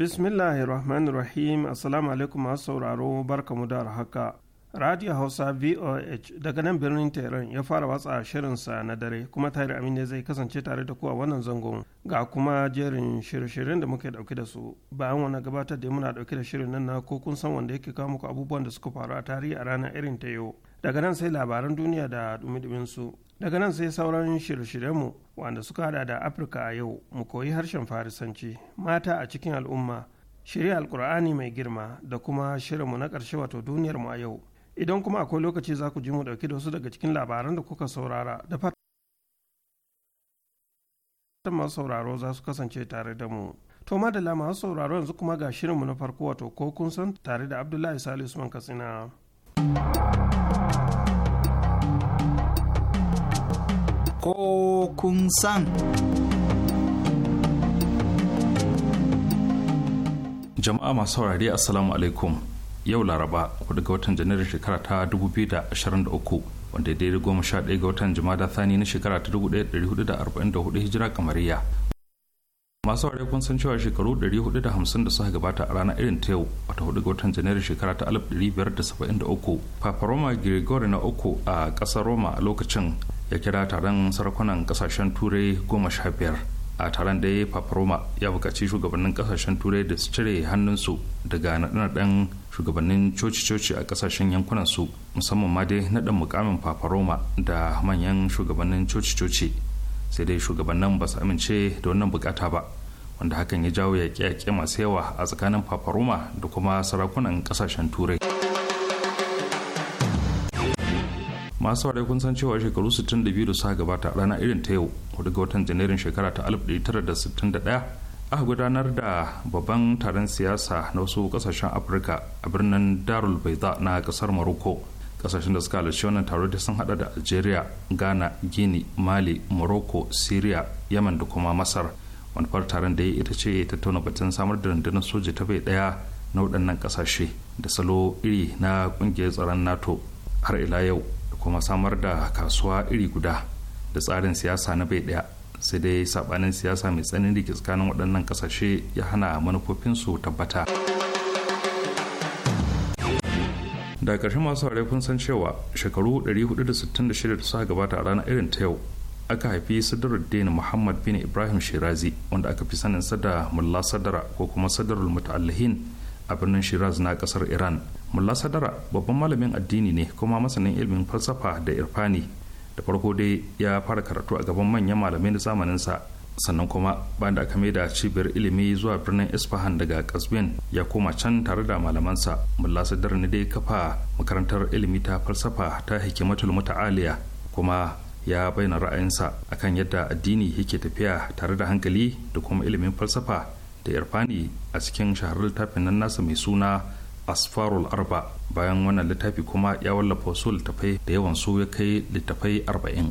bismillahi rahim assalamu alaikum masu sauraro barkamu da haka radio hausa voh daga nan birnin tehran ya fara watsa shirinsa na dare kuma tare amin ne zai kasance tare da ku a wannan zangon ga kuma jerin shirye-shiryen da muke dauke da su bayan wani gabatar da muna dauke da shirin nan na ko kun san wanda yake kawo muku abubuwan da suka faru a tarihi a ranar irin ta yau daga nan sai labaran duniya da dumi su daga nan sai sauran shirye-shiryenmu wanda suka hada da afirka a yau mu koyi harshen farisanci mata a cikin al'umma shirya alkur'ani mai girma da kuma shirinmu na ƙarshe wato duniyar mu a yau idan kuma akwai lokaci za ku ji mu ɗauki da wasu daga cikin labaran da kuka saurara da fatan masu sauraro za su kasance tare da mu to madalla masu sauraro yanzu kuma ga shirinmu na farko wato ko kun san tare da abdullahi salisu man katsina ko kun san. Jama'a masu saurari Assalamu alaikum yau Laraba kudu ga watan Janairu shekara ta 2023 wanda daidai goma sha ɗaya ga watan da Thani na shekara ta 1444 hijira kamariya. masu ware kun san cewa shekaru 450 da suka gabata a ranar irin ta yau wata hudu ga watan janairu shekara ta 1573 papa roma gregory na uku a ƙasar roma a lokacin ya kira taron sarakunan kasashen turai goma sha biyar a taron da ya papa roma ya buƙaci shugabannin kasashen turai da su cire hannunsu daga naɗin shugabannin coci-coci a ƙasashen yankunan su musamman ma dai naɗin mukamin papa roma da manyan shugabannin coci-coci sai dai shugabannin ba su amince da wannan bukata ba wanda hakan ya jawo yaƙe-yaƙe masu yawa a tsakanin fafaroma da kuma sarakunan ƙasashen turai masu saurari kun san cewa shekaru 62 da suka gabata rana irin ta yau wadda ga watan janairun shekara ta 1961 aka gudanar da babban taron siyasa na wasu kasashen afirka a birnin darul baiza na kasar maroko kasashen da suka halarci wannan taro da sun hada da algeria ghana guinea mali morocco syria yaman da kuma masar manufar taron da ya ita ce ya tattauna batun samar da rundunar soja ta bai daya na waɗannan kasashe da salo iri na ƙungiyar tsaron nato har ila yau da kuma samar da kasuwa iri guda da tsarin siyasa na bai daya sai dai sabanin siyasa mai tsanani tsakanin waɗannan kasashe ya hana manufofinsu tabbata. da ƙarshen masu haure kun san cewa shekaru 466 da suka gabata a ranar irin ta yau aka haifi sadaruddin muhammad bin ibrahim shirazi wanda aka fi sanin sada mulla sadara ko kuma sadarul muta'allihin a birnin shiraz na kasar iran mulla sadara babban malamin addini ne kuma masanin ilimin falsafa da irfani da farko dai ya fara karatu a gaban manyan malamai na zamaninsa sannan kuma bayan da aka maida cibiyar ilimi zuwa birnin isfahan daga kasbin ya koma can tare da malamansa mulla sadar ne dai kafa makarantar ilimi ta falsafa ta hikimatul muta'aliya kuma ya bayyana ra'ayinsa akan yadda addini yake tafiya tare da hankali da kuma ilimin falsafa da irfani a cikin shaharar littafin nan nasa mai suna asfarul arba bayan wannan littafi kuma ya wallafa wasu littafai da yawan su ya kai littafai arba'in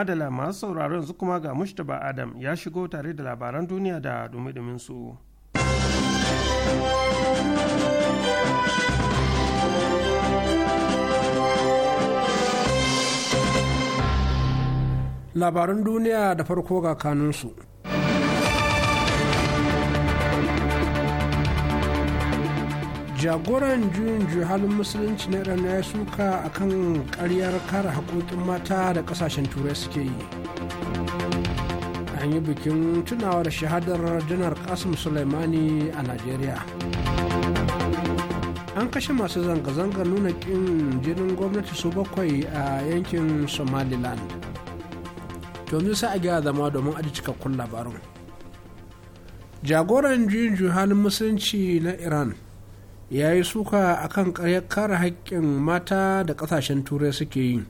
Madala masu sauraron su kuma ga Mushtaba Adam ya shigo tare da labaran duniya da dumi su. Labaran duniya da farko ga kanunsu. jagoran juyin halin musulunci na iran ya suka a kan karyar kare haƙoƙin mata da ƙasashen turai suke yi an yi bikin tunawar shahadar janar kasim suleimani a najeriya an kashe masu zanga zanga nuna ƙin jinin gwamnati su bakwai a yankin somaliland domin sai a gyara zama domin aji cikakkun labarin jagoran juyin halin musulunci na iran ya yi suka akan karyar kare haƙƙin mata da ƙasashen turai suke yi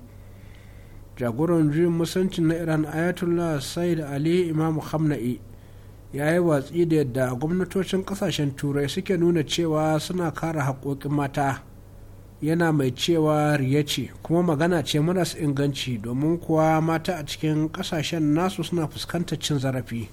jagoran juyin musancin na iran ayatollah said ali imam hamna'i ya yi watsi da yadda gwamnatocin ƙasashen turai suke nuna cewa suna kare haƙoƙin mata yana mai cewa riya ce kuma magana ce maras inganci domin kuwa mata a cikin ƙasashen nasu suna fuskantar cin zarafi.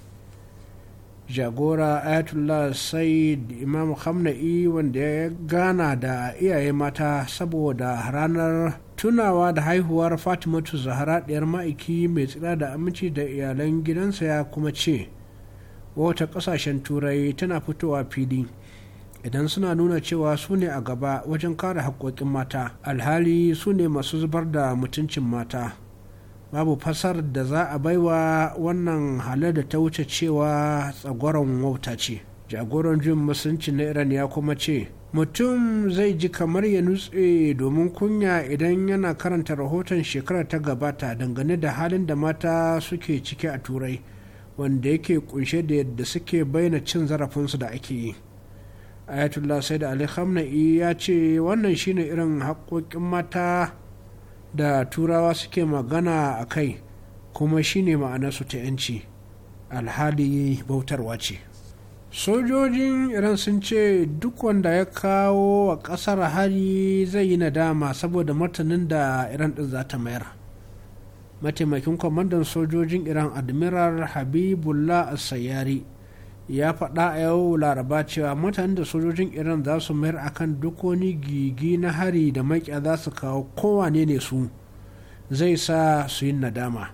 jagora ayatollah said imam hamna'i wanda ya gana da iyaye mata saboda ranar tunawa da haihuwar fatimatu zahara ɗiyar ma'aiki mai tsira da aminci da iyalan gidansa ya kuma ce wata ƙasashen turai tana fitowa fili idan suna nuna cewa su ne a gaba wajen kare haƙƙoƙin mata alhali su ne masu zubar da mutuncin mata babu fasar da za a baiwa wannan halar da ta wuce cewa tsagoron wauta ce jagoran jin musulunci na iran ya kuma ce mutum zai ji kamar ya nutse domin kunya idan yana karanta rahoton shekarar ta gabata dangane da halin da mata suke ciki a turai wanda yake kunshe da yadda suke bayyana cin zarafinsu da ake yi ayatollah said ali khamenei ya ce wannan shine irin haƙoƙin mata da turawa suke magana a kai kuma shine su ta 'yanci alhali bautarwa ce sojojin iran sun ce duk wanda ya kawo a kasar hari zai yi nadama saboda martanin da iran din za ta mayar mataimakin kwamandan sojojin iran admiral habibullah sayari ya faɗa a yau laraba cewa mutanen da sojojin iran za su mayar akan duk wani gigi na hari da maƙiya za su kawo kowane ne su zai sa su yi nadama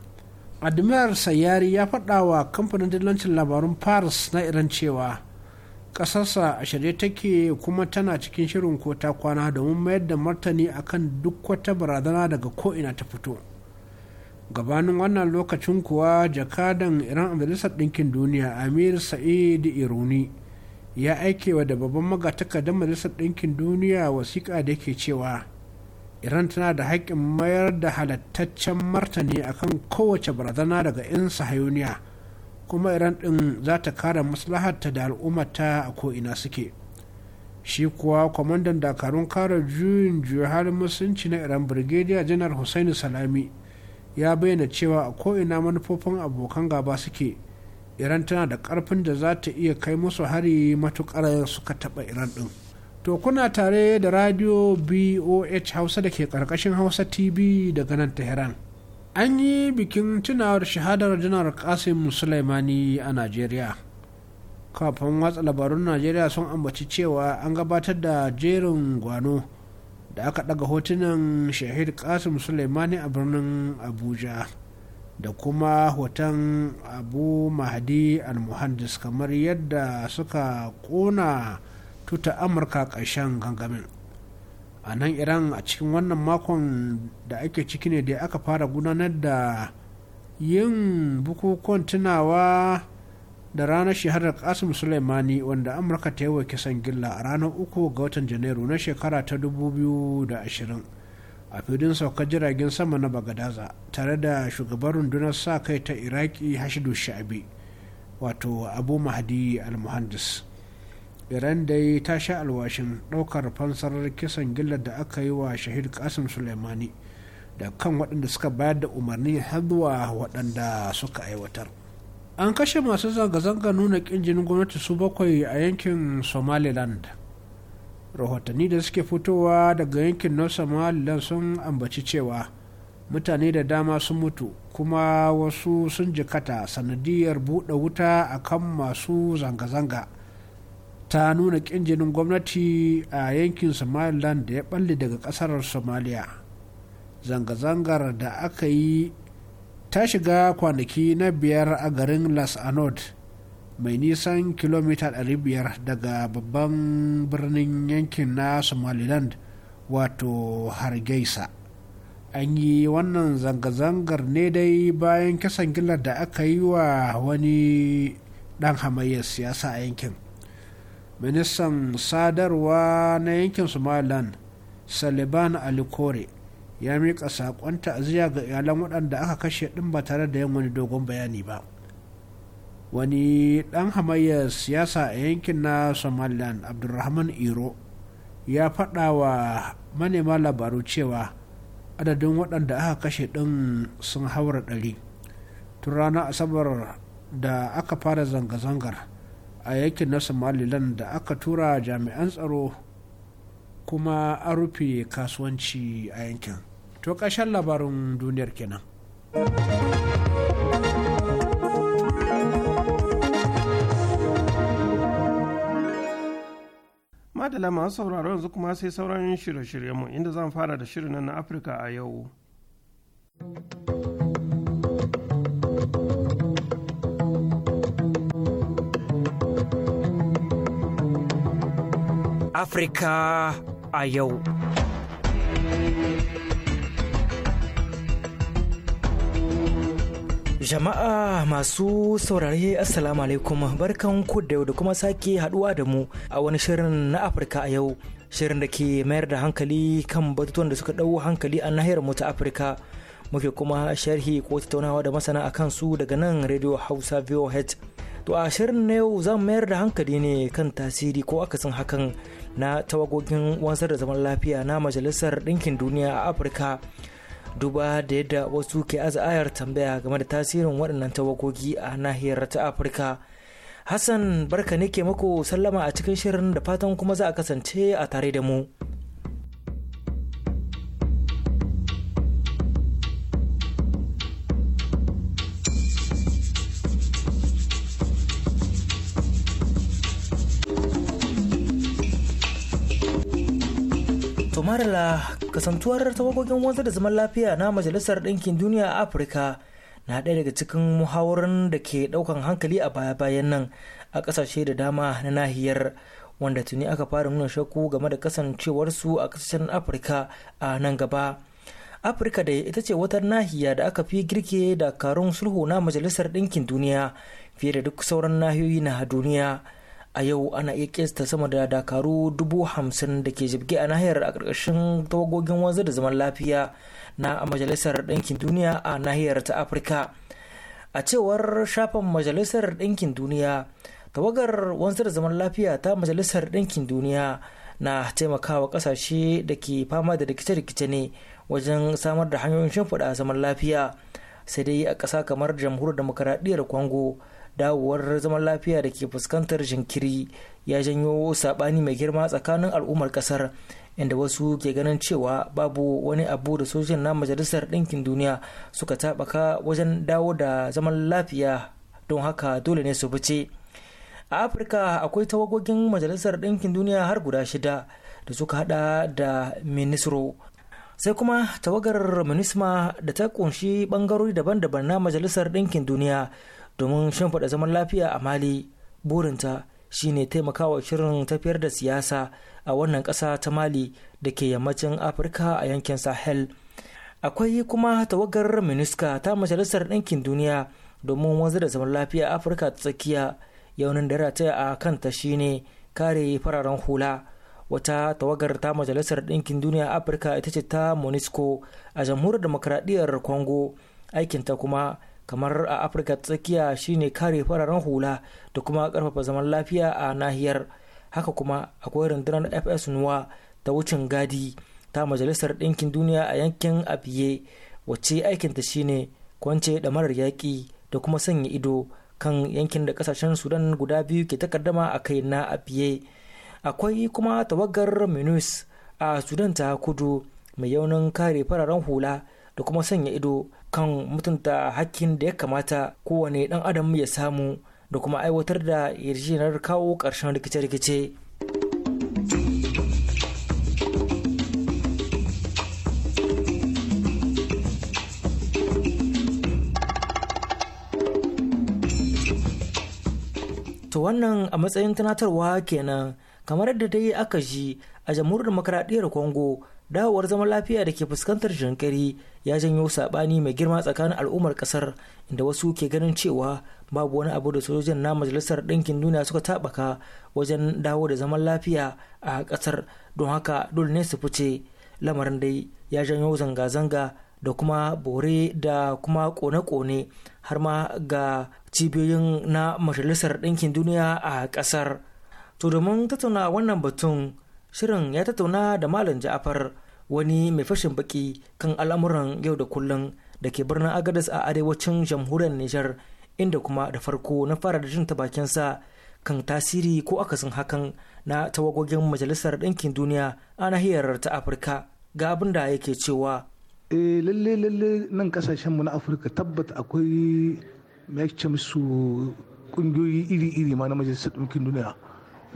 admiral sayari ya faɗa wa kamfanin dillancin labarun paris na iran cewa ƙasarsa a shirye take kuma tana cikin shirin ko ta kwana domin mayar da martani akan duk wata barazana daga ko'ina ta fito gabanin wannan lokacin kuwa jakadan iran majalisar ɗinkin duniya amir sa'id iruni ya aikewa da babban da majalisar ɗinkin duniya wasiƙa da ke cewa iran tana da haƙƙin mayar da halattaccen martani akan kowace barazana daga 'yan sahayuniya kuma iran ɗin za ta kare maslaharta da al'ummata a ko'ina suke shi kuwa kwamandan dakarun kare juyin juhar musulunci na iran brigadier janar hussaini salami ya bayyana cewa a ko'ina manufofin abokan gaba suke iran tana da karfin da za ta iya kai musu hari matukar suka taba iran din to kuna tare da radio boh hausa da ke karkashin hausa tv daga nan tehran an yi bikin tunawar shahadar janar kasim sulaimani a najeriya kafin watsa labarun najeriya sun ambaci cewa an gabatar da jerin gwano da aka ɗaga hotunan shahid kasim suleimani a birnin abuja da kuma hoton abu mahadi al-muhandis kamar yadda suka ƙona tuta amurka ƙarshen gangamin a nan iran a cikin wannan makon da ake ciki ne da aka fara gudanar da yin bukukuwan tunawa da ranar shahadar kasim suleimani wanda amurka ta yi wa kisan gilla a ranar uku ga watan janairu na shekara ta 2020 a filin saukar jiragen sama na bagadaza tare da shugaban rundunar sa kai ta iraki hashidu sha'abi wato abu mahdi almuhandis iran dai ta sha alwashin ɗaukar fansarar kisan gillar da aka yi wa shahid kasim suleimani da kan waɗanda suka bayar da umarni har zuwa waɗanda suka aiwatar. an kashe masu zanga-zanga nuna ƙin jinin gwamnati su bakwai a yankin somaliland rahotanni da suke fitowa daga yankin na somaliland sun ambaci cewa mutane da dama sun mutu kuma wasu sun jikata sanadiyar buɗe wuta a kan masu zanga-zanga ta nuna ƙin jinin gwamnati a yankin somaliland da ya ɓalle daga ƙasar somalia zanga-zangar da aka yi ta shiga kwanaki na biyar a garin las anod mai nisan kilomita 500 daga babban birnin yankin na somaliland wato hargeisa an yi wannan zanga-zangar ne dai bayan kisan gillar da aka yi wa wani dan hamayyar siyasa a yankin ministan sadarwa na yankin somaliland saliban alikore ya miƙa saƙon ta'aziyya ga iyalan waɗanda aka kashe ɗin ba tare da yin wani dogon bayani ba wani ɗan hamayyar siyasa a yankin na somaliland abdulrahman iro ya faɗa wa manema labaru cewa adadin waɗanda aka kashe ɗin sun haura ɗari tun ranar asabar da aka fara zanga-zangar a yankin na somaliland da aka tura jami'an tsaro kuma an rufe kasuwanci a yankin to ƙarshen labarin duniyar kenan madala masu sauraro yanzu kuma sai sauran shirye-shiryenmu inda zan fara da shirin na afirka a yau Afirka a yau. Jama'a masu saurare Assalamu alaikum barkan ku da yau da kuma sake haduwa da mu a wani shirin na Afirka a yau shirin da ke mayar da hankali kan batutuwan da suka ɗau hankali a nahiyar mu ta Afirka muke kuma sharhi ko tattaunawa da masana a kansu daga nan Radio Hausa VOH. To a shirin na yau zan mayar da hankali ne kan tasiri ko akasin hakan na tawagogin wansar da zaman lafiya na majalisar ɗinkin duniya a afirka duba da yadda wasu ke aza'ayar tambaya game da tasirin waɗannan tawagogi a nahiyar ta afirka hassan barka ne ke mako sallama a cikin shirin da fatan kuma za a kasance a tare da mu marala kasantuwar tawagogin wanzu da zaman lafiya na majalisar ɗinkin duniya a afirka na ɗaya daga cikin muhawarin da ke ɗaukan hankali a baya-bayan nan a ƙasashe da dama na nahiyar wanda tuni aka fara nuna shakku game da kasancewarsu a ƙasashen afirka a nan gaba afirka da ita ce wata nahiya da aka fi girke dakarun sulhu na majalisar ɗinkin duniya fiye da duk sauran nahiyoyi na duniya a yau ana iya kesta sama da dakaru dubu hamsin da ke jibge a nahiyar a ƙarƙashin tawagogin wanzu da zaman lafiya na majalisar ɗinkin duniya a nahiyar ta afirka a cewar shafin majalisar ɗinkin duniya tawagar wanzu da zaman lafiya ta majalisar ɗinkin duniya na taimakawa ƙasashe da ke fama da rikice-rikice ne wajen samar da hanyoyin shimfiɗa zaman lafiya sai dai a ƙasa kamar jamhuriyar demokaradiyyar kongo dawowar zaman lafiya da ke fuskantar jinkiri ya janyo sabani mai girma tsakanin al'ummar kasar inda wasu ke ganin cewa babu wani abu da sojin na majalisar ɗinkin duniya suka taɓaka wajen dawo da zaman lafiya don haka dole ne su fice a afirka akwai tawagogin majalisar ɗinkin duniya har guda shida da suka hada da minisro sai kuma tawagar minisma da ta kunshi bangarori daban-daban na majalisar ɗinkin duniya domin shimfiɗa zaman lafiya a mali burinta shine taimakawa shirin tafiyar da siyasa a wannan ƙasa ta mali da ke yammacin afirka a yankin sahel akwai kuma tawagar minista ta majalisar ɗinkin duniya domin wanzu da zaman lafiya afirka ta tsakiya yaunin da rataya a kanta shine kare fararen hula wata tawagar ta majalisar ɗinkin duniya afirka ita ce ta monisco a jamhuriyar demokradiyyar congo aikinta kuma kamar a afirka tsakiya shine kare fararen hula da kuma karfafa zaman lafiya a nahiyar haka kuma akwai rundunar fs nuwa ta wucin gadi ta majalisar ɗinkin duniya a yankin abiye wacce aikinta shine kwance da marar yaƙi da kuma sanya ido kan yankin da kasashen sudan guda biyu ke takaddama a kai na abiye akwai kuma tawagar minus a sudan ta kudu mai yaunin kare fararen hula da kuma sanya ido kan mutunta hakkin da ya kamata kowane dan adam ya samu da kuma aiwatar da yarjejeniyar kawo ƙarshen rikice-rikice. To wannan a matsayin tunatarwa kenan kamar yadda dai aka ji a jamhuriyar makaradiyar Congo dawowar zaman lafiya da ke fuskantar jinkari ya janyo sabani mai girma tsakanin al'ummar kasar inda wasu ke ganin cewa babu wani abu da sojojin na majalisar ɗinkin duniya suka taɓaka wajen dawo da zaman lafiya a ƙasar don haka dole ne su fice lamarin dai ya janyo zanga-zanga da kuma bore da kuma kone-kone har ma ga cibiyoyin na majalisar ɗinkin duniya a ƙasar to domin tattauna wannan batun shirin ya tattauna da malam ja'afar wani mai fashin baki kan al'amuran yau da kullum da ke birnin agadas a arewacin jamhuriyar nijar inda kuma da farko na fara da jin bakinsa kan tasiri ko akasin hakan na tawagogin majalisar ɗinkin duniya a nahiyar ta afirka ga abin da yake cewa e lalle lalle nan kasashenmu na afirka tabbat akwai ce su kungiyoyi iri-iri ma na majalisar ɗinkin duniya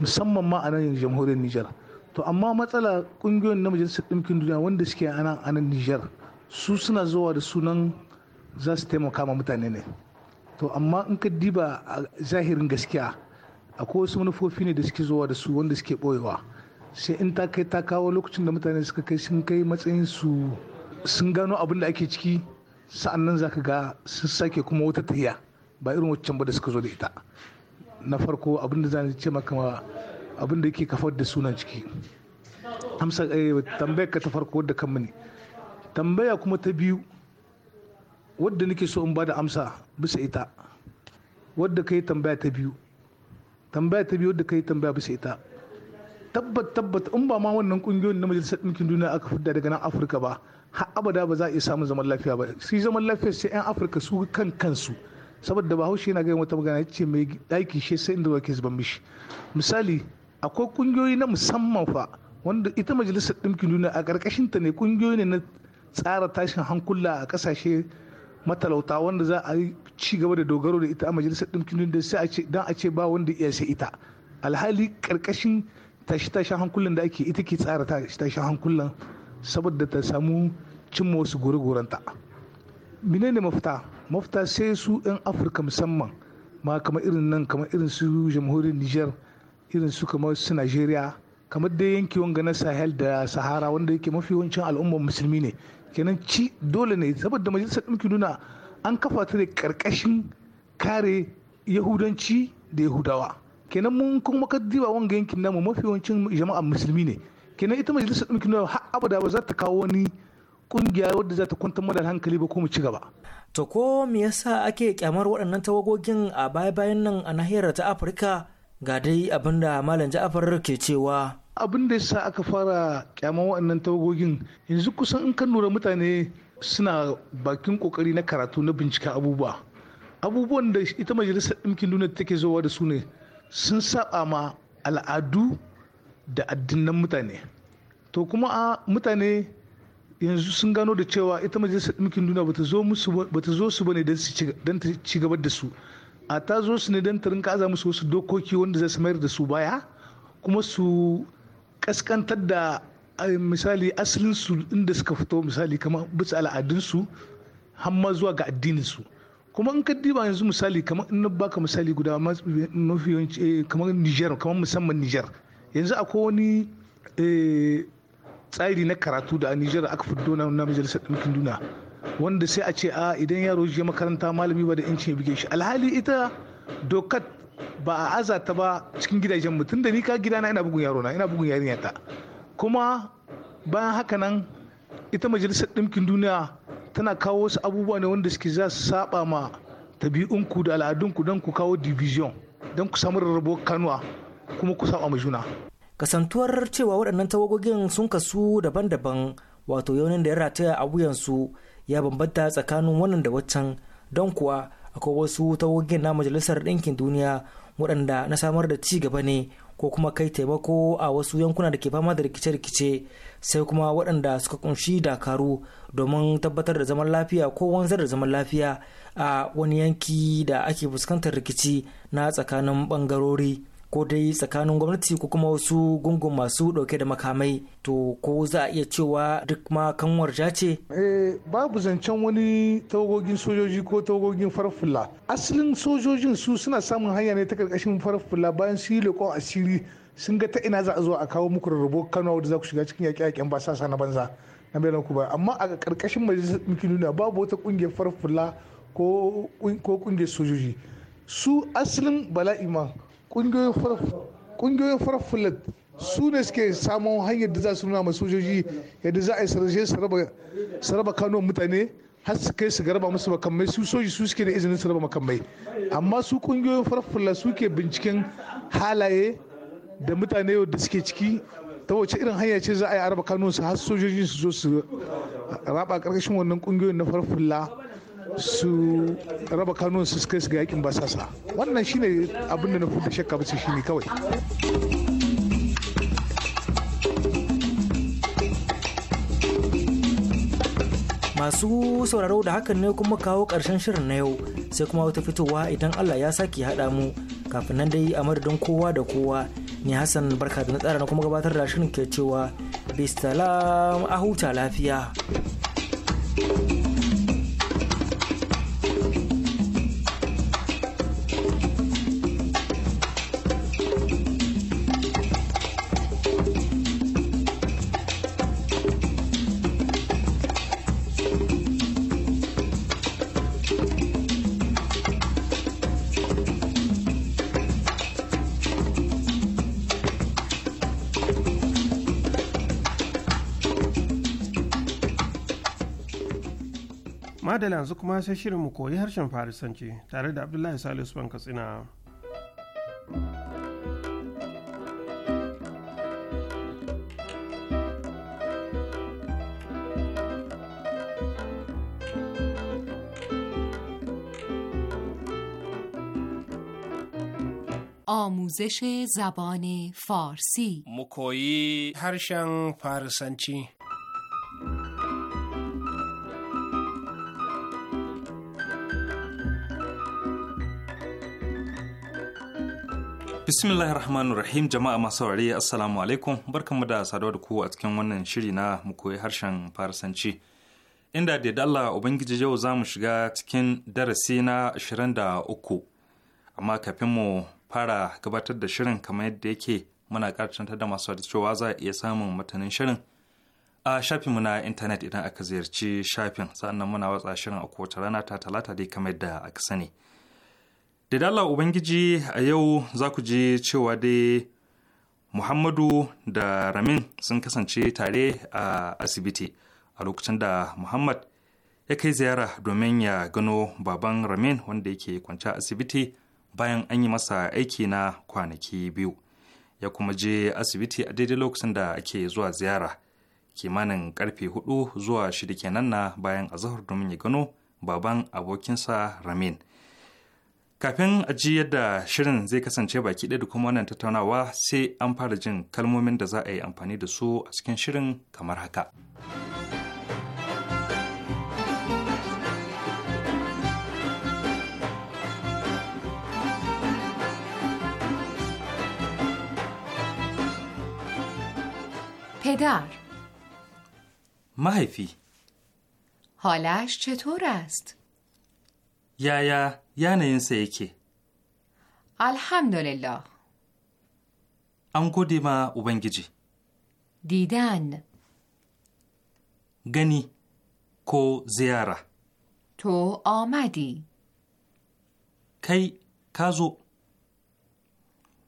musamman ma a nan jamhuriyar nijar to amma matsala kungiyoyin na majalisar ɗinkin duniya wanda suke a nan a nijar su suna zuwa da sunan za su taimaka ma mutane ne to amma in ka diba a zahirin gaskiya akwai wasu manufofi ne da suke zuwa da su wanda suke ɓoyewa sai in ta kai ta kawo lokacin da mutane suka kai sun kai matsayin su sun gano abin da ake ciki sa'annan za ka ga sun sake kuma wata tahiya ba irin waccan ba da suka zo da ita na farko abin da za ce maka abin da yake kafar da suna ciki amsa eh, tambayar ka ta farko wadda kan mani tambaya kuma ta biyu wadda nake so in ba da amsa bisa ita wadda ka yi tambaya ta biyu tambaya ta biyu wadda ka yi tambaya bisa ita tabbat tabbat in ba ma wannan kungiyoyin na majalisar ɗinkin duniya aka fidda daga nan afirka ba har abada ba za a iya samun zaman lafiya ba shi zaman lafiya sai 'yan afirka su kan kansu saboda bahaushe yana gaya wata magana ya ce mai ɗaki shi sai inda wake zuban mishi misali akwai kungiyoyi na musamman fa wanda ita majalisar ɗinkin duniya a ƙarƙashin ta ne kungiyoyi ne na tsara tashin hankula a ƙasashe matalauta wanda za a yi ci gaba da dogaro da ita a majalisar ɗinkin duniya sai a ce dan a ce ba wanda iya sai ita alhali ƙarƙashin tashi-tashin hankulan da ake ita ke tsara tashi-tashin hankulan saboda ta samu cimma wasu gure-gurenta menene mafita mafita sai su 'yan afirka musamman ma kamar irin nan kamar irin su jamhuriyar niger irin su kamar su Najeriya kamar dai yanki wanga na Sahel da Sahara wanda yake mafi yawancin al'ummar musulmi ne kenan ci dole ne saboda majalisar ɗinkin nuna an kafa ta da karkashin kare yahudanci da yahudawa kenan mun kuma ka diba wanga yankin namu mafi yawancin jama'a musulmi ne kenan ita majalisar ɗinkin nuna har abada ba za ta kawo wani kungiya wadda za ta kwantar da hankali ba ko mu ci gaba ta ko me yasa ake kyamar waɗannan tawagogin a baya-bayan nan a nahiyar ta afirka ga dai abin da malam ja'afar ke cewa abin da yasa aka fara kyaman wannan tawagogin yanzu kusan in kan lura mutane suna bakin kokari na karatu na bincika abubuwa abubuwan da ita majalisar ɗinkin duniya take zuwa da su ne sun saba ma al'adu da addinan mutane to kuma a mutane yanzu sun gano da cewa ita majalisar ɗinkin duniya ba ta bata zo su bane don ta ci gaba da su a ta zo su ne don ta rinka aza musu wasu dokoki wanda zai mayar da su baya kuma su kaskantar da misali asalinsu inda suka fito misali kamar bisa al'adunsu hamma zuwa ga addininsu kuma in ka diba yanzu misali kamar in na baka misali guda mafi yawanci eh, kamar niger kamar musamman niger yanzu akwai wani eh, tsari na karatu da a niger aka fito na majalisar ɗinkin duniya wanda sai a ce a idan yaro je makaranta malami ba da inci buge shi alhali ita dokar ba a aza ta ba cikin gidajen mutum da ni ka gidana ina bugun yaro na ina bugun yarinya ta kuma bayan haka nan ita majalisar ɗinkin duniya tana kawo wasu abubuwa ne wanda suke za su saba ma tabi'unku da al'adunku don ku kawo division don ku samu rarrabo kanuwa kuma ku saba ma juna kasantuwar cewa waɗannan tawagogin sun kasu daban-daban wato yaunin da ya rataya a wuyansu ya bambanta tsakanin wannan da waccan don kuwa akwai wasu tawogin na majalisar ɗinkin duniya waɗanda na samar da ci gaba ne ko kuma kai taimako a wasu yankuna da ke fama da rikice-rikice sai kuma waɗanda suka kunshi dakaru domin tabbatar da zaman lafiya ko wanzar da zaman lafiya a wani yanki da ake fuskantar rikici na tsakanin ɓangarori. ko dai tsakanin gwamnati ko kuma wasu gungun masu dauke da makamai to ko za a iya cewa duk ma kanwar ce? Eh, babu zancen wani tawagogin sojoji ko tawagogin farfula asalin sojojin su suna samun hanya ne ta karkashin farfula bayan su yi leƙon asiri sun ga ta ina za a zo a kawo muku rarrabo kano da za ku shiga cikin yaƙe-yaƙen basasa na banza na bai ku ba amma a karkashin majalisar ɗinkin duniya babu wata ƙungiyar farfula ko ƙungiyar sojoji su asalin bala'i ma ƙungiyoyin farfulat su ne suke samun hanyar da za su nuna masu sojoji yadda za a yi sarje su raba kanuwan mutane har su kai su garba musu makamai su soji su suke da izinin su raba makamai amma su ƙungiyoyin farfulat suke binciken halaye da mutane da suke ciki ta wace irin hanya ce za a yi araba kanunsu har sojoji su zo su raba karkashin wannan kungiyoyin na farfulla su raba kanun su kai su ga yakin basasa wannan shine abin da na fi shakka ba shi shine kawai masu sauraro da hakan ne kuma kawo karshen shirin na yau sai kuma wata fitowa idan Allah ya sake haɗa mu kafin nan dai a madadin kowa da kowa ne Hassan barka da na tsara na kuma gabatar da shirin ke cewa bisalam a lafiya. thank you madala yanzu kuma sai shirin mu koyi harshen farisanci tare da abdullahi salisu ban katsina آموزش زبان فارسی مکویی هرشن فارسنچی Bismillahir Rahmanir Rahim jama'a masu wari Assalamu alaikum barkanmu da saduwa da ku a cikin wannan shiri na mu koyi harshen Farsanci. Inda da Allah Ubangiji yau za mu shiga cikin darasi na 23. Amma kafin mu fara gabatar da shirin kamar yadda yake muna karatantar da masu da cewa za a iya samun matanin shirin a shafinmu na intanet idan aka ziyarci shafin sannan muna watsa shirin a kowace rana ta talata dai kamar yadda aka sani. da dala ubangiji a yau za ku ji cewa dai muhammadu da ramin sun kasance tare a asibiti a lokacin da muhammad ya kai ziyara domin ya gano baban ramin wanda yake kwanci asibiti bayan an yi masa aiki na kwanaki biyu ya kuma je asibiti a daidai lokacin da ake zuwa ziyara kimanin karfe hudu zuwa shida kenan na bayan azahar domin ya gano baban abokinsa ramin Kafin a ji yadda shirin zai kasance baki ɗaya da kuma wannan tattaunawa sai an fara jin kalmomin da za a yi amfani da su a cikin shirin kamar haka. پدر محفی حالش چطور است؟ یا یا یا یعنی این سه الحمدلله گودی ما اوبنگیجی دیدن گنی کو زیاره تو آمدی کی کازو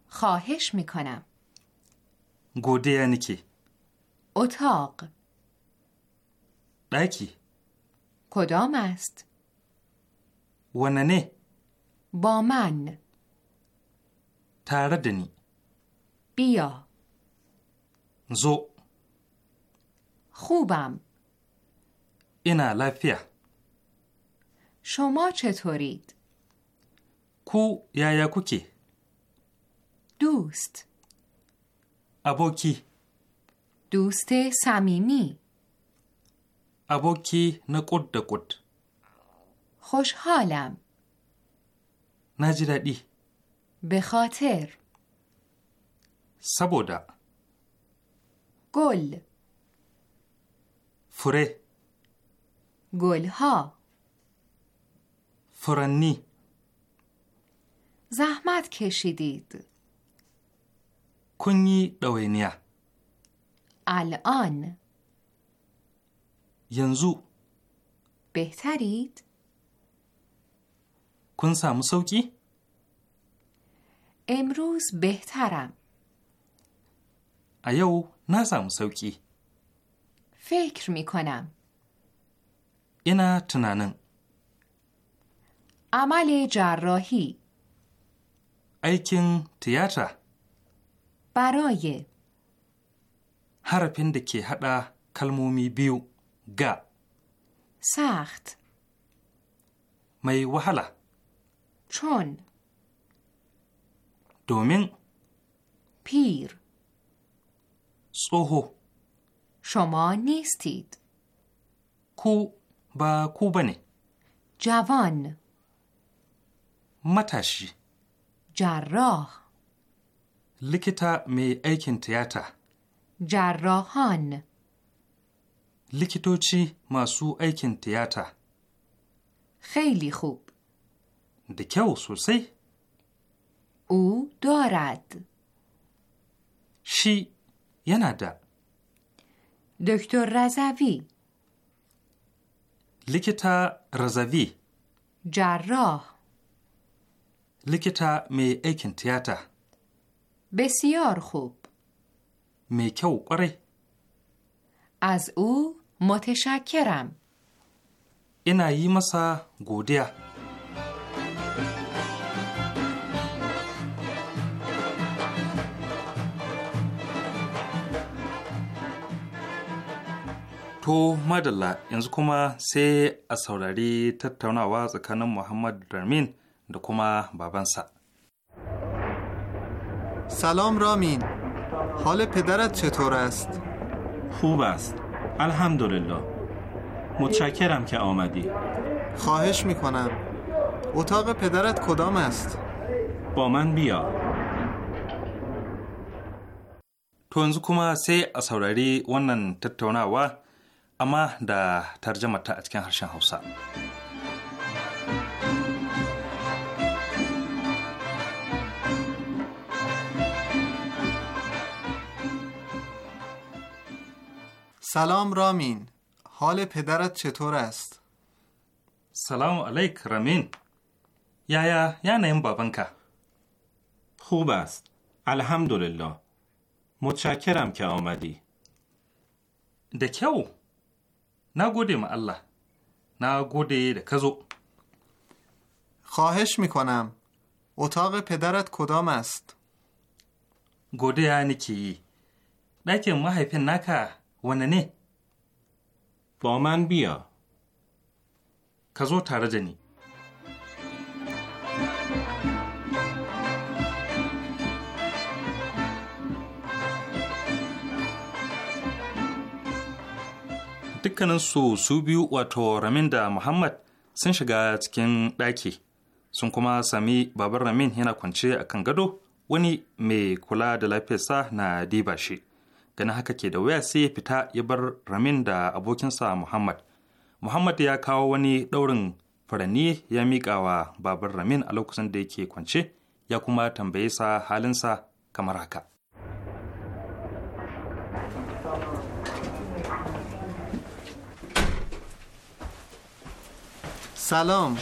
خواهش میکنم گوده یعنی اتاق کدام است وننه با من تردنی بیا زو خوبم اینا لفیه شما چطورید؟ کو یا یا کی؟ دوست کی؟ دوست صمیمی کی نکود دکود خوشحالم نجردی به خاطر سبودا گل فره گلها فرنی زحمت کشیدید کنی دوینیا الان ینزو بهترید kun samu sauƙi? Emrus behtaram. A yau na samu sauƙi. Fikr mikonam. Ina tunanin. Amale jarrohi. Aikin tiyata. Baroge. Harafin da ke haɗa kalmomi biyu ga. Sacht. Mai wahala. چون دومین پیر سوهو شما نیستید کو با کوبنه جوان متشی جراح لکتا می ایکن تیاتا جراحان لکتوچی ماسو ایکن تیاتا خیلی خوب da kyau او دارد. شی yana da. دکتر رزوی لیکتا رزوی جراح لیکتا می ایکن تیاتا بسیار خوب می کو قره از او متشکرم اینا یی مسا گودیا تو madalla yanzu kuma sai a saurari tattaunawa tsakanin Muhammad Ramin da kuma babansa. سلام رامین حال پدرت چطور است؟ خوب است الحمدلله متشکرم که آمدی خواهش میکنم اتاق پدرت کدام است؟ با من بیا تو انزو کما سی اصوراری ونن تتوناوا اما در ترجمه تا هرشن سلام رامین حال پدرت چطور است؟ سلام علیک رامین یا یا یا نیم بابنکا خوب است الحمدلله متشکرم که آمدی او؟ Na gode الله، Allah, na gode da ka خواهش میکنم اتاق پدرت کدام است؟ گوده یعنی کی؟ لیکن ما هیپی نکه وننه با من بیا کزو دنی dukkaninsu su biyu wato ramin da muhammad sun shiga cikin ɗaki sun kuma sami babar ramin yana kwance a kan gado wani mai kula da lafiyarsa na diba shi ganin haka ke da waya sai ya fita ya bar ramin da abokinsa muhammad muhammad ya kawo wani ɗaurin furanni ya miƙa wa babar ramin a lokacin da yake kwance ya kuma tambaye sa halinsa kamar haka سلام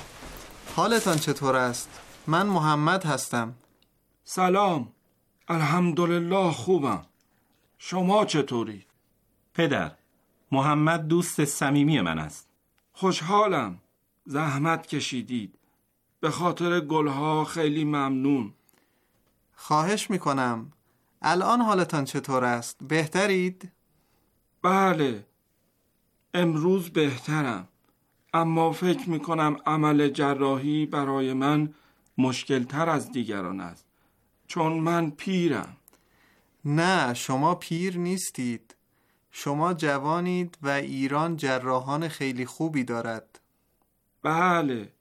حالتان چطور است؟ من محمد هستم سلام الحمدلله خوبم شما چطوری؟ پدر محمد دوست صمیمی من است خوشحالم زحمت کشیدید به خاطر گلها خیلی ممنون خواهش میکنم الان حالتان چطور است؟ بهترید؟ بله امروز بهترم اما فکر می کنم عمل جراحی برای من مشکل تر از دیگران است چون من پیرم نه شما پیر نیستید شما جوانید و ایران جراحان خیلی خوبی دارد بله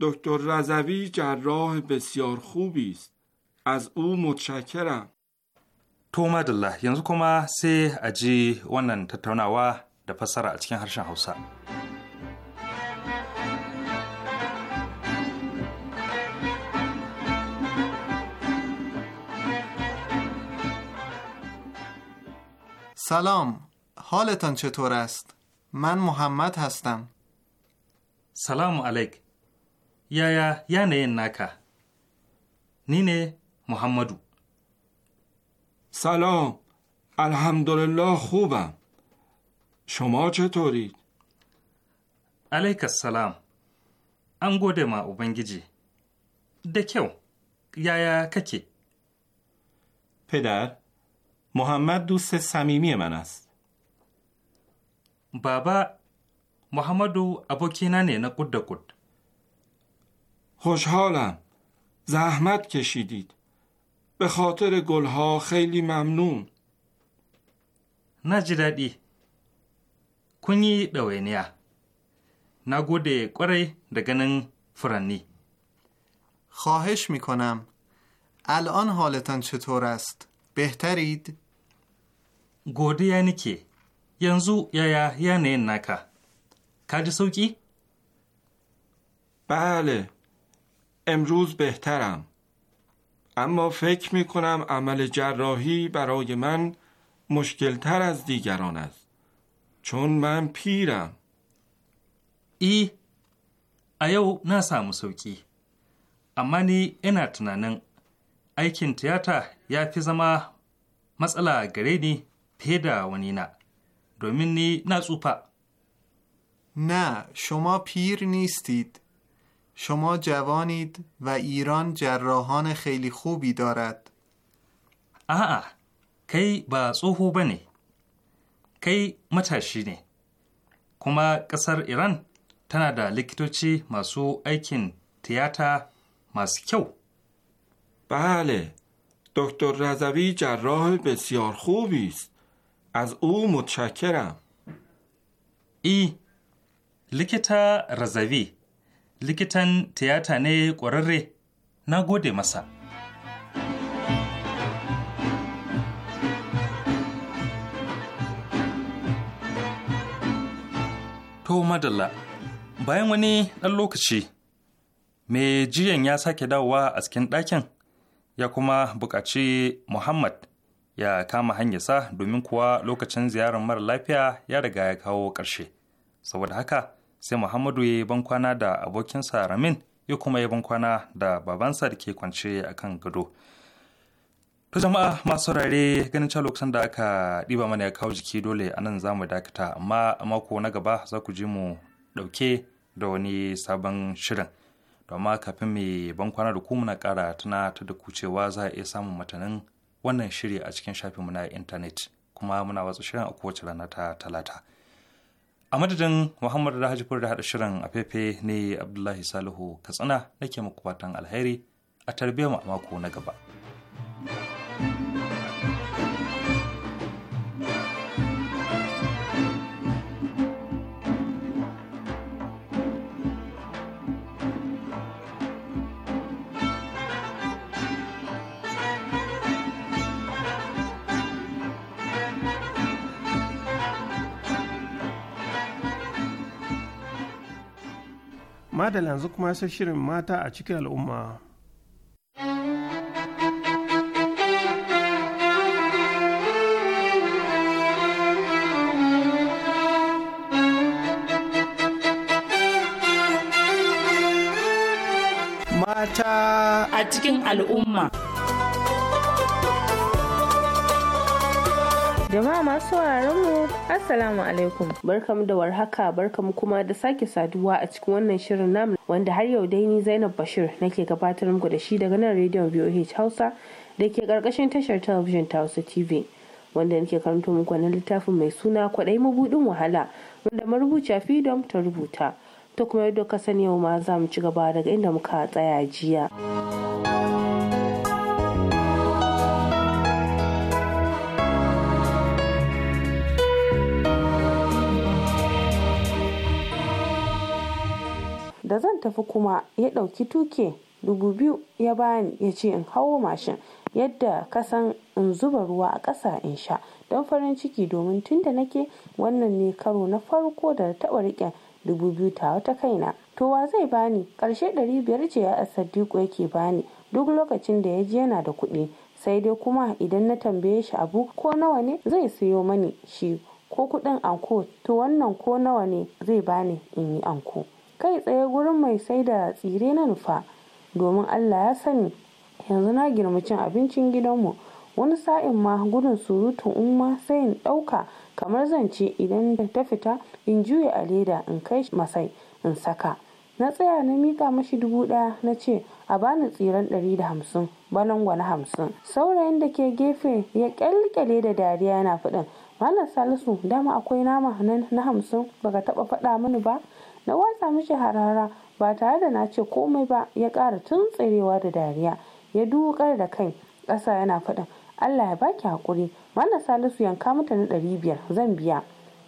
دکتر رزوی جراح بسیار خوبی است از او متشکرم تو الله یعنی کما سه اجی ونن تتونه و da اچکین هرشن سلام حالتان چطور است؟ من محمد هستم سلام علیک یا یعنی نکه نینه محمدو سلام الحمدلله خوبم شما چطورید؟ علیک السلام ان ما و Ubangiji. دکیو یا یا کی پدر؟ محمد دوست صمیمی من است. بابا محمدو و نه نه قد قد. خوشحالم. زحمت کشیدید. به خاطر گلها خیلی ممنون. نجردی. کنی دوینیا. نگوده قره دگنن فرانی. خواهش میکنم الان حالتان چطور است؟ بهترید؟ godiya nike yanzu yaya yanayin naka ka ji sauki بله امروز بهترم اما فکر می کنم عمل جراحی برای من مشکلتر از دیگران است چون من پیرم ای ایو نه سامو سوکی اما نی اینا تنانن aikin tiyata ya fi zama matsala gare ni پیده و نینا دومین نی نه شما پیر نیستید شما جوانید و ایران جراحان خیلی خوبی دارد آه کی با صوحو بنی کی متشی نی کما کسر ایران تنا دا لکتوچی ماسو ایکن تیاتا ماس کیو بله دکتر رزوی جراح بسیار خوبی است از او متشکرم ای likita razavi likitan tiyata ne ƙwararre na gode masa to madalla bayan wani ɗan lokaci me jiyan ya sake dawowa a cikin ɗakin ya kuma buƙaci muhammad ya kama sa domin kuwa lokacin ziyarar mara lafiya ya riga ya kawo ƙarshe saboda haka sai muhammadu ya yi bankwana da abokinsa ramin ya kuma yi bankwana da babansa da ke kwance a kan gado to jama'a masu rare ganin cewa lokacin da aka ɗiba mana ya kawo jiki dole a nan za mu dakata amma a mako na gaba za ku ji mu ɗauke da wani sabon shirin amma kafin mai bankwana da ku muna ƙara tana ta da ku cewa za a iya samun matanin wannan shiri a cikin shafinmu na intanet kuma muna watsa shirin a kowace rana ta talata a madadin muhammadu da hajjifar da haɗa shirin a fefe ne abdullahi salihu katsina nake muku fatan alheri a tarbiyyar mu a mako na gaba. amma da yanzu kuma sai shirin mata a cikin al'umma. Mata a cikin al'umma. Jama'a masu mu Assalamu alaikum. Barkamu da warhaka, barkamu kuma da sake saduwa a cikin wannan shirin namu wanda har yau dai ni Zainab Bashir nake gabatar muku da shi daga nan rediyon VOH Hausa da ke karkashin tashar talabijin ta Hausa TV. Wanda nake karanto muku wannan littafin mai suna kwaɗai mabuɗin wahala wanda marubuciya Freedom ta rubuta. ta kuma yadda ka sani yau ma za mu ci gaba daga inda muka tsaya jiya. da zan tafi kuma ya ɗauki tuke dubu biyu ya bani ya ce in hawo mashin yadda kasan in zuba ruwa a ƙasa in sha don farin ciki domin tun da nake wannan ne karo na farko da taɓa riƙe dubu biyu ta wata kaina to wa zai bani ƙarshe ɗari biyar ce ya sadiku yake bani duk lokacin da ya ji yana da kuɗi sai dai kuma idan na tambaye shi abu ko nawa ne zai siyo mani shi ko kuɗin anko to wannan ko nawa ne zai bani in yi anko kai tsaye gurin mai sai da tsire na nufa domin allah ya sani yanzu na girma cin abincin gidanmu wani sa'in ma gudun surutun umma sai in ɗauka kamar zance idan ta fita in juya a leda in kai masai in saka na tsaya na mika mashi dubu ɗaya na ce a bani tsiran ɗari da hamsin balangwa na hamsin saurayin da ke gefe ya kyalkyale da dariya yana faɗin malam salisu dama akwai nama nan na hamsin baka taɓa faɗa mini ba na watsa mishi harara ba tare da na ce komai ba ya ƙara tsuntserewa da dariya ya dukar da kai ƙasa yana faɗin allah ya baki haƙuri mana salisu yanka mata na ɗari biyar zan biya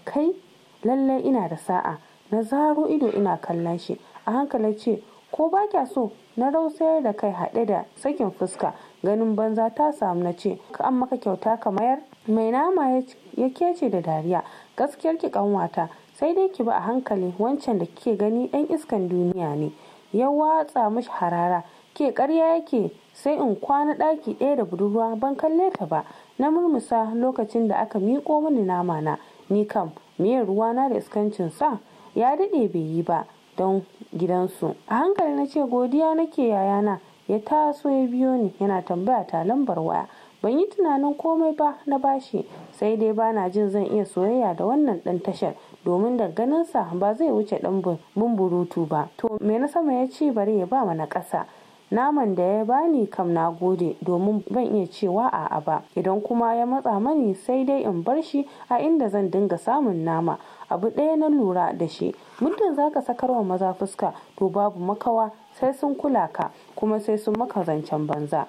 kai lallai ina da sa'a na zaro ido ina kallon shi a hankali ce ko ba kya so na rausayar da kai haɗe da sakin fuska ganin banza ta samu na ce ka an maka kyauta ka mayar mai nama ya kece da dariya gaskiyar ki kanwata sai dai ki ba a hankali wancan da kike gani ɗan iskan duniya ne ya watsa mishi harara ke karya yake sai in kwana ɗaki ɗaya da budurwa ban kalle ta ba na murmusa lokacin da aka miƙo mini nama na ni kam miyar ruwana da iskancin sa ya daɗe bai yi ba don gidansu a hankali na ce godiya nake yayana ya taso ya biyo ni yana tambaya ta lambar waya ban yi tunanin komai ba na bashi sai dai bana jin zan iya soyayya da wannan ɗan tashar domin da ganinsa ba zai wuce ɗan burutu ba to me na sama ya ce bari ya ba mana ƙasa naman da ya bani kam na gode domin ban iya cewa a'a ba idan kuma ya matsa mani sai dai in bar shi a inda zan dinga samun nama abu ɗaya na lura da shi muddin za ka sakar wa maza fuska to babu makawa sai sun kula ka kuma sai sun maka zancen banza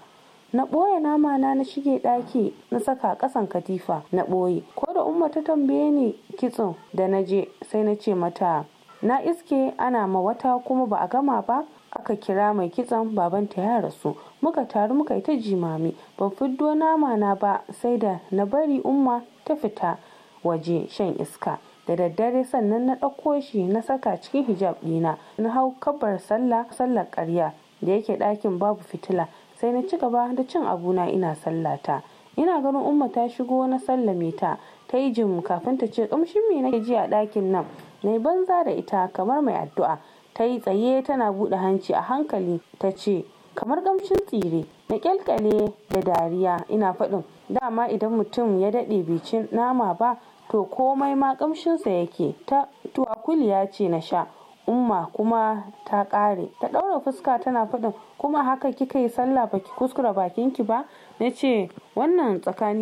na ɓoye nama na na shige ɗaki na saka ƙasan katifa na ɓoye ko da umma ta tambaye ni kitso da na je sai na ce mata na iske ana ma wata kuma ba a gama ba aka kira mai kitson babanta ya rasu muka taru muka yi ta jimami ban fiddo nama na ba sai da na bari umma ta fita waje shan iska da daddare sannan na ɗauko shi na saka cikin hijab ɗina na hau kabbar sallah sallar ƙarya da yake ɗakin babu fitila sai na ci gaba da cin abuna ina sallata ina ganin umma ta shigo na sallame ta ta yi jim kafin ta ce kamshin me nake ji a dakin nan na banza da ita kamar mai addu'a ta yi tsaye tana buɗe hanci a hankali ta ce kamar kamshin tsire na kyalkyale da dariya ina faɗin dama idan mutum ya daɗe bicin nama ba to komai ma kamshinsa yake ta tuwakuliya ce na sha umma kuma ta ƙare ta ɗaura fuska tana faɗin kuma haka kika yi sallah baki kuskura bakin ki ba na ce wannan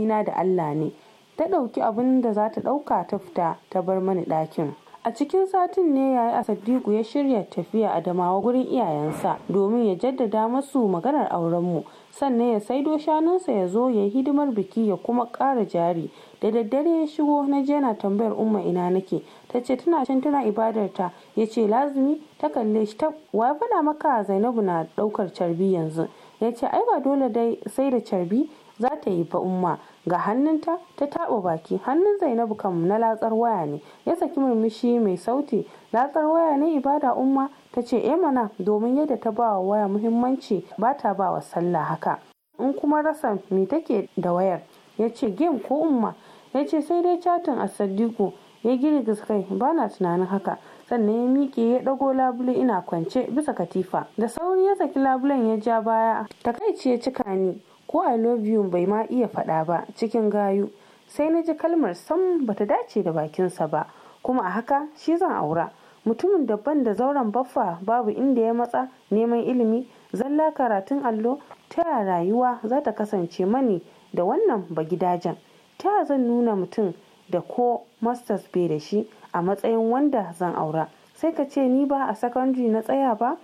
na da allah ne ta ɗauki abin da za ta ɗauka ta fita ta bar mani ɗakin a cikin satin ne yayi a asadiku ya shirya tafiya a damawa gurin iyayensa domin ya jaddada masu maganar aurenmu sannan ya saido shanunsa ya zo ya hidimar biki ya kuma ƙara jari da daddare ya shigo na je na tambayar umma ina nake ta ce tana can tana ibadarta ya ce lazumi ta kalle shi ta wa faɗa maka zainabu na ɗaukar carbi yanzu ya ce ai ba dole dai sai da carbi za ta yi ba umma ga hannunta ta taɓa baki hannun zainabu kam na latsar waya ne ya saki murmushi mai sauti latsar waya ne ibada umma ta ce e mana domin yadda ta ba wa waya muhimmanci ba ta ba wa sallah haka in kuma rasa me take da wayar ya ce game ko umma ya ce sai dai chatin a sadiku ya girgiz kai bana tunanin haka sannan ya miƙe ya ɗago labule ina kwance bisa katifa da sauri ya saki labulen ya ja baya takaici ya cika ni ko i love you bai ma iya faɗa ba cikin gayu sai na ji kalmar sam bata dace da bakinsa ba kuma a haka shi zan aura mutumin daban da zauren baffa babu inda ya matsa neman ilimi zalla karatun allo ta rayuwa za ta kasance mani da wannan bagidajen ta zan nuna mutum da ko masters bai da shi a matsayin wanda zan aura sai ka ce ni ba a secondary na tsaya ba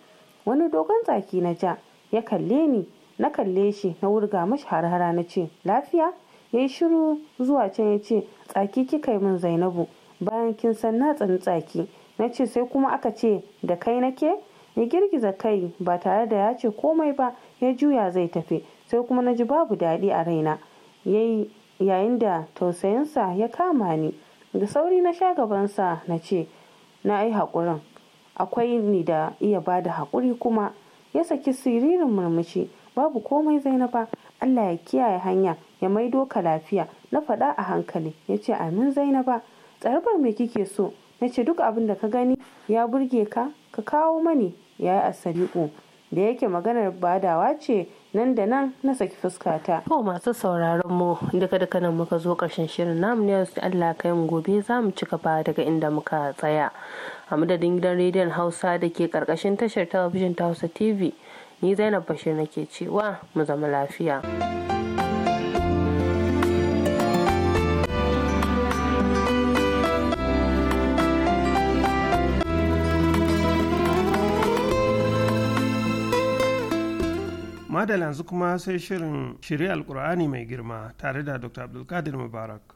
wani dogon tsaki na ja ya kalle ni na kalle shi na wurga mashi harhara na ce lafiya ya yi shiru zuwa can ya ce tsaki kika yi min zainabu bayan kin san na tsani tsaki na ce sai kuma aka ce da kai nake ya girgiza kai ba tare da ya ce komai ba ya juya zai tafi sai kuma na ji babu daɗi a raina ya yi yayin da tausayinsa ya kama ni da sauri na sha gabansa na ce na yi haƙurin akwai ni da iya ba da haƙuri kuma ya saki siririn murmushi babu komai zainaba allah ya kiyaye hanya ya maido ka lafiya na faɗa a hankali ya ce amin zainaba tsarbar mai kike so na ce duk abin da ka gani ya burge ka ka kawo mani ya yi asaliƙo da yake maganar badawa ce nan da nan na saki fuskata. Ko masu sauraron mu duka duka nan muka zo ƙarshen shirin namu ne su Allah kai mu gobe za mu cika gaba daga inda muka tsaya. A madadin gidan rediyon Hausa da ke ƙarƙashin tashar talabijin ta Hausa TV ni Zainab Bashir nake cewa mu zama lafiya. amma da yanzu kuma sai shirin shirya alkur'ani mai girma tare da dr abdulkadir mubarak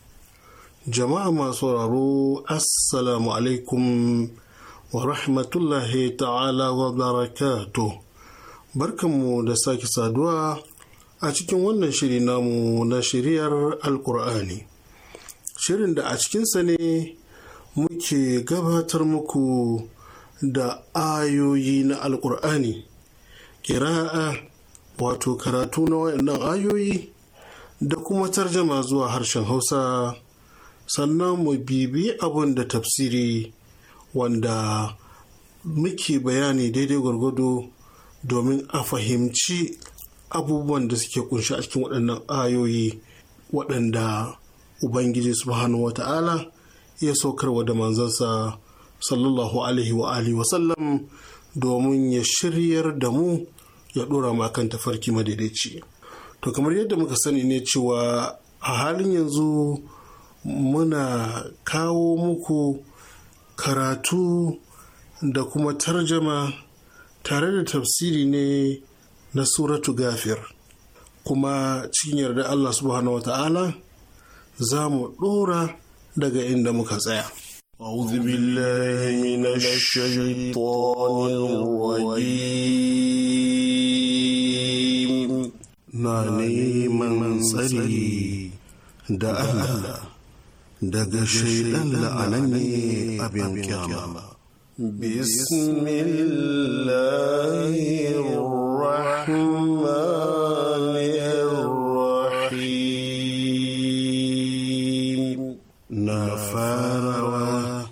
jama'a masu sauraro assalamu alaikum wa rahmatullahi ta'ala wa barakatu barkanmu da sake saduwa a cikin wannan shiri namu na shiriyar alkur'ani shirin da a cikinsa ne muke gabatar muku da ayoyi na alkur'ani kira'a wato karatu na waɗannan ayoyi da kuma tarjama zuwa harshen hausa sannan mu bibi abin da tafsiri wanda muke bayani daidai gwargwado domin a fahimci abubuwan da suke kunshi a cikin waɗannan ayoyi waɗanda ubangiji subhanahu wata'ala ya saukarwa da manzansa sallallahu alaihi wa alihi wasallam domin ya shiryar da mu ya ɗora mu akan tafarki madaidaici to kamar yadda muka sani ne cewa a halin yanzu muna kawo muku karatu da kuma tarjama tare da tafsiri ne na suratu gafir kuma cikin yarda Allah subhanahu wata'ala za mu ɗora daga inda muka tsaya. أعوذ بالله من الشيطان الرجيم na neman tsari da Allah دد شيئا لأنني أبن كاما بسم الله الرحمن الرحيم نفاروا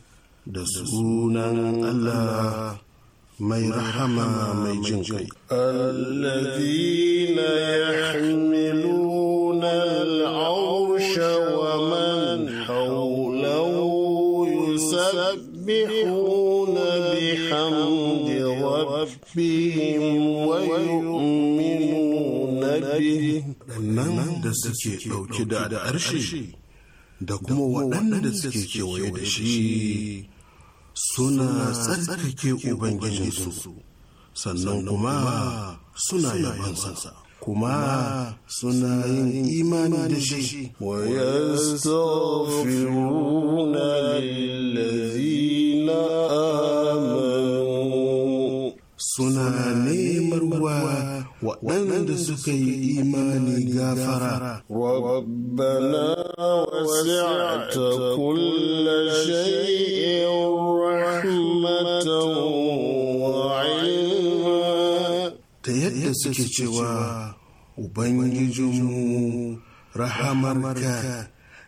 دسونا الله ما يرحم ما يجنقي الذين يحمون يسبحون بحمد ربهم ويؤمنون به nan da suke ɗauki da al'arshi da kuma waɗanda da suke kewaye da shi suna tsarkake ubangijinsu sannan kuma suna yabansa kuma suna yin imani da shi wa yastaghfiruna suna nemarwa waɗanda suka yi imani gafara. Rabbana wasi'ta kulla shay'in rahmatan wa Ta yadda suke cewa Ubangijinmu rahamarka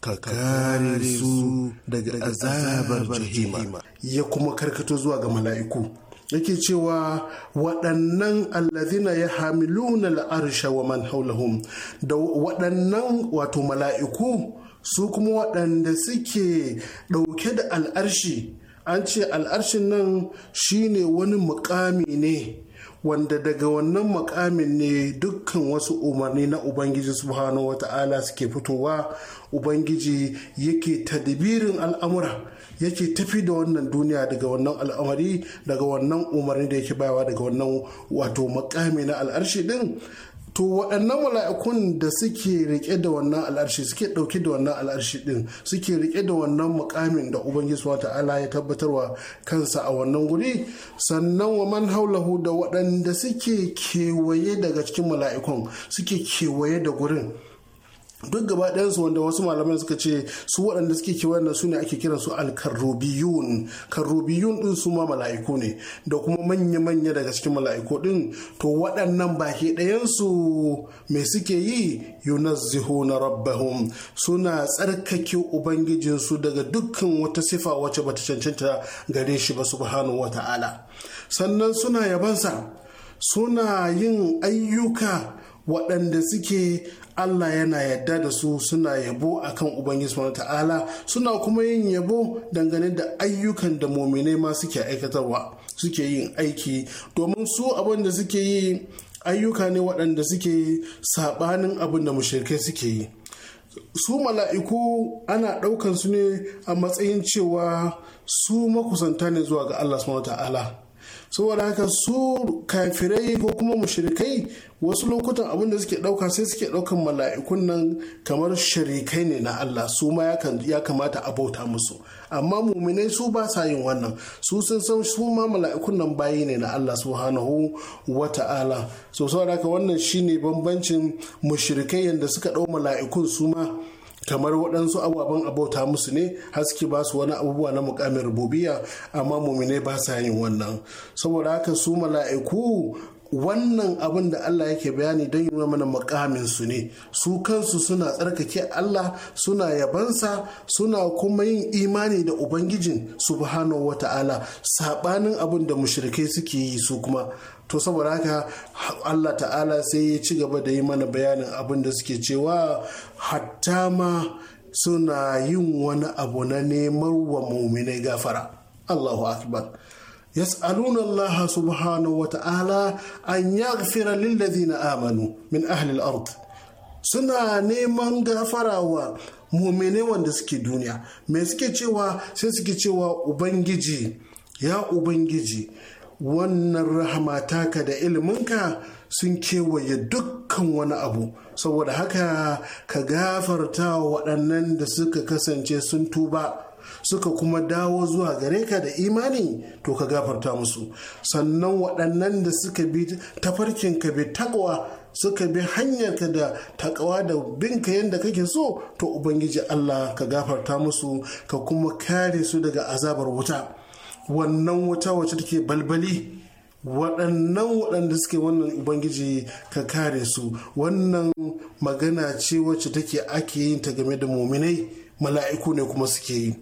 ka kare su daga azabar jahima ya kuma karkato zuwa ga mala'iku yake cewa waɗannan allazina ya hamiluna al'arsha wa man haulahum da waɗannan wato mala'iku su kuma waɗanda suke ɗauke da al'arshi an ce al'arshin nan shine wani mukami ne wanda daga wannan makamin ne dukkan wasu umarni na ubangiji subhanahu wata'ala suke fitowa ubangiji yake tadbirin al'amura yake tafi da wannan duniya daga wannan al'amari daga wannan umarni da yake bayawa daga wannan wato makami na al'arshi din to waɗannan mala'ikun da suke riƙe da wannan al'arshi suke ɗauke da wannan al'arshi ɗin suke rike da wannan mukamin da ubangiji wa ta'ala ya tabbatarwa kansa a wannan guri sannan wa man haulahu da waɗanda suke kewaye daga cikin mala'ikun suke kewaye da gurin duk gaba ɗayansu wanda wasu malaman suka ce su waɗanda suke kewayen da su ne ake kiran su alkarrobiyun karrobiyun ɗin su ma mala'iku ne da kuma manya-manya daga cikin mala'iku ɗin to waɗannan baki ɗayansu mai suke yi yunazzihu na rabbahum suna tsarkake ubangijinsu daga dukkan wata sifa wacce bata cancanta gare shi ba subhanahu wata'ala sannan suna yabansa suna yin ayyuka waɗanda suke Allah yana yadda da su suna yabo akan Ubangiji subhanahu ta'ala suna kuma yin yabo dangane da ayyukan da mominai ma suke aikatarwa suke yin aiki domin su abin da suke yi ayyuka ne waɗanda suke saɓanin abin da mushrikai suke yi su mala'iku ana ɗaukan su ne a matsayin cewa su makusanta ne zuwa ga Allah subhanahu ta'ala saboda haka su kafirai ko kuma mushrikai wasu lokutan abin da suke dauka sai suke daukan mala'ikun nan kamar shirikai ne na Allah su ma ya kamata a bauta musu amma muminai su ba sa yin wannan su sun san su ma mala'ikun nan bayi ne na Allah subhanahu wa ta'ala so saboda haka wannan shine bambancin mushrikai yanda suka dau mala'ikun su ma kamar waɗansu ababen abota musu ne haske ba su wani abubuwa na mukamin rububiya amma mumine ba sa yin wannan saboda haka su mala'iku wannan abin da Allah yake bayani don yi mana makamin su ne su kansu suna tsarkake Allah suna yabansa suna kuma yin imani da ubangijin subhanahu wata'ala sabanin abin da mushrikai suke yi su kuma to saboda haka Allah ta'ala sai ya ci gaba da yi mana bayanin abin da suke cewa hatta ma suna yin wani abu na neman wa muminai gafara Allahu akbar يسألون الله سبحانه وتعالى أن يغفر للذين آمنوا من أهل الأرض suna neman gafarawa wa wanda suke duniya mai suke cewa sai suke cewa ubangiji ya ubangiji wannan rahamata taka da iliminka sun kewaye dukkan wani abu saboda haka ka gafarta waɗannan da suka kasance sun tuba suka kuma dawo zuwa gare ka da imani to ka gafarta musu sannan waɗannan da suka bi tafarkinka bi takwa suka bi hanyarka da takawa da binka yadda kake so to ubangiji Allah ka gafarta musu ka kuma kare su daga azabar wuta wannan wuta wacce take balbali waɗannan waɗanda suke wannan ubangiji ka kare su wannan magana ce wacce take ake yin ta game da muminai mala'iku ne kuma suke yi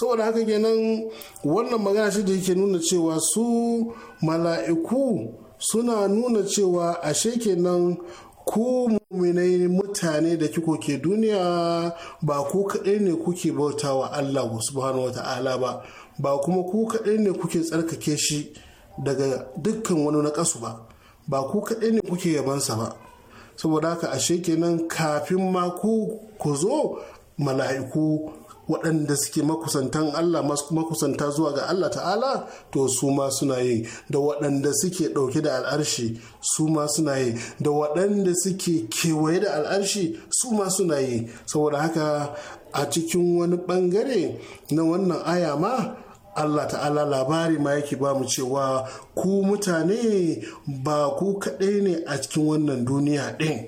saboda haka kenan wannan magana shi da yake nuna cewa su mala'iku suna nuna cewa ashe kenan ku muminai mutane da kiko ke duniya ba ku kaɗai ne kuke bauta wa Allah subhanahu wa ta'ala ba ba kuma ku kaɗai ne kuke tsarkake shi daga dukkan wani na ƙasu ba ba ku kaɗai ne kuke yabansa ba saboda haka ashe kenan kafin ma ku ku zo mala'iku waɗanda suke makusantan Allah makusanta zuwa ga Allah ta'ala to su ma suna yi da waɗanda suke ɗauke da al'arshi su ma suna yi da waɗanda suke kewaye da al'arshi su ma suna yi saboda haka a cikin wani ɓangare na wannan aya ma Allah ta'ala labari ma yake ba mu cewa ku mutane ba ku kaɗai ne a cikin wannan duniya ɗin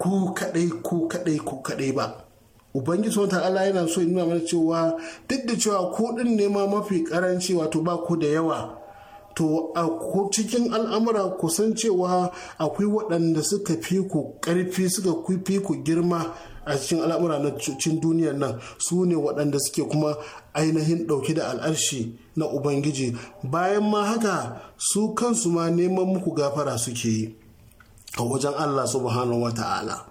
ku kaɗai ku kaɗai ku kaɗai ba ubangiji wata ta'ala yana so nuna mana cewa duk da cewa ko din nema mafi karanci wato ba ku da yawa to a cikin al'amura kusan cewa akwai waɗanda suka fi ku ƙarfi suka fi ku girma a cikin al'amura na cikin duniyar nan su ne waɗanda suke kuma ainihin ɗauki da al'arshi na ubangiji bayan ma haka su kansu ma neman muku gafara suke yi a wajen allah subhanahu wa ta'ala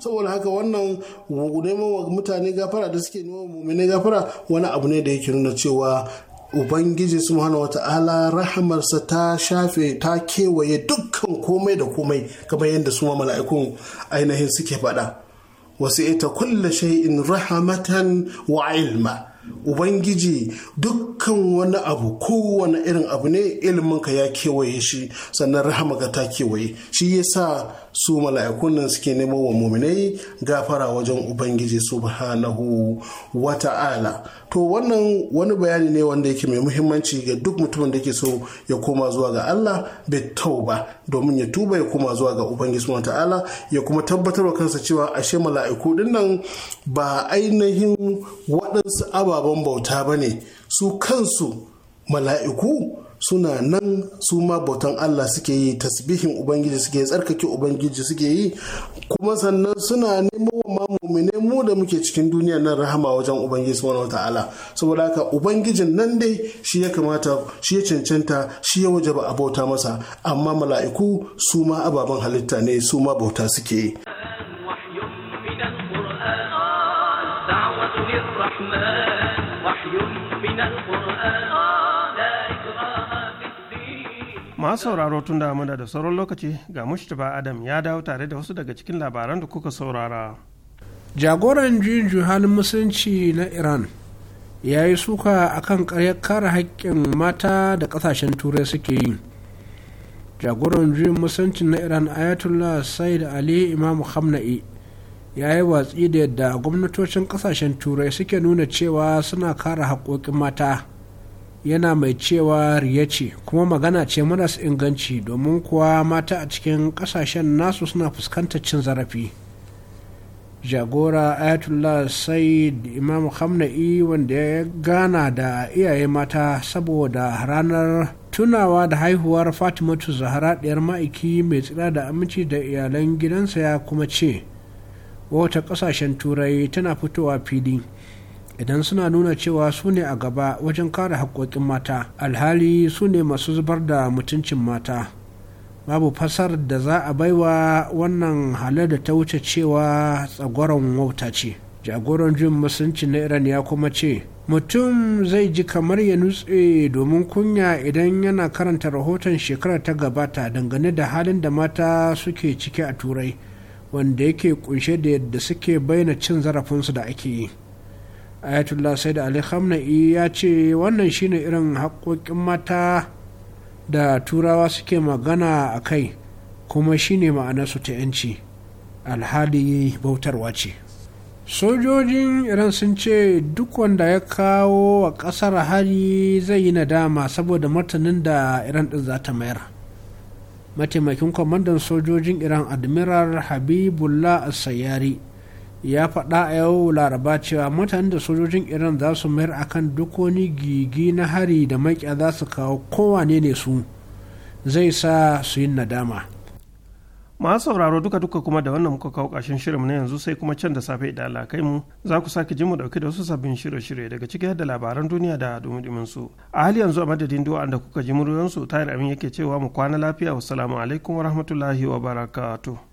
saboda haka wannan neman mutane gafara da suke neman mummune gafara wani abu ne da yake nuna cewa ubangiji wata ala rahamarsa ta shafe ta kewaye dukkan komai da komai kamar yadda su mala'ikun ainihin suke faɗa wasu ita kulle shay'in rahamatan wa ilma ubangiji dukkan wani abu kowane irin abu ne ilminka ya kewaye shi sannan rahamaka ta kewaye shi yasa su mala'ikun nan suke nemo wa muminai gafara wajen ubangiji subhanahu wa ta'ala to wannan wani bayani ne wanda yake mai muhimmanci ga duk mutumin da yake so ya koma zuwa ga Allah bai tauba domin ya tuba ya koma zuwa ga ubangiji subhanahu wa ta'ala ya kuma tabbatar wa kansa cewa ashe mala'iku din ba ainihin waɗansu ababen bauta bane su kansu mala'iku suna nan su ma bautan Allah suke yi tasbihin ubangiji suke tsarkake ubangiji suke yi kuma sannan suna nemo wa mamumine mu da muke cikin duniya nan rahama wajen ubangiji wani wataala saboda haka ubangijin nan dai shi ya kamata shi ya cancanta shi ya wajaba a bauta masa amma mala'iku su ma ababen halitta ne su ma bauta suke yi masu sauraro tun da muna da sauran lokaci ga mushtaba adam ya dawo tare da wasu daga cikin labaran da kuka saurara jagoran juyin halin musulunci na iran ya yi suka akan karyar kare haƙƙin mata da ƙasashen turai suke yi jagoran juyin musulunci na iran ayatollah said ali imam hamna'i ya yi watsi da yadda gwamnatocin ƙasashen turai suke nuna cewa suna kare haƙoƙin mata yana mai cewa riya ce kuma magana ce maras inganci domin kuwa mata a cikin kasashen nasu suna fuskantar cin zarafi jagora ayatollah said imam hamna'i wanda ya gana da iyaye mata saboda ranar tunawa da haihuwar fatimatu zahara ɗiyar ma'aiki mai tsira da aminci da iyalan gidansa ya kuma ce wata ƙasashen turai tana fitowa fili idan suna nuna cewa su ne a gaba wajen kare haƙoƙin mata alhali su ne masu zubar da mutuncin mata babu fasar da za a baiwa wannan halar da ta wuce cewa tsagoron wauta ce jagoran jin musulunci na iran ya kuma ce mutum zai ji kamar ya nutse domin kunya idan yana karanta rahoton shekarar ta gabata dangane da halin da mata suke ciki a turai wanda yake kunshe da yadda suke bayyana cin zarafinsu da ake yi ayatullah said ali hamna ya ce wannan shine irin haƙoƙin mata da turawa suke magana a kai kuma shine ma'anarsu ta 'yanci alhali bautarwa ce sojojin iran sun ce duk wanda ya kawo a kasar hari zai yi nadama saboda martanin da iran din za ta mayar mataimakin kwamandan sojojin iran admiral habibullah asayari ya faɗa a yau laraba cewa mutanen da sojojin iran za su mayar akan duk wani gigi na hari da maƙiya za su kawo kowane ne su zai sa su yi nadama masu sauraro duka duka kuma da wannan muka kawo ƙashin shirin na yanzu sai kuma can da safe idan alakai mu za ku sake ji mu dauke da wasu sabbin shirye-shirye daga ciki da labaran duniya da dumudumin su a hali yanzu a madadin duwa da kuka ji muryoyin su tayar amin yake cewa mu kwana lafiya wassalamu alaikum warahmatullahi wabarakatuh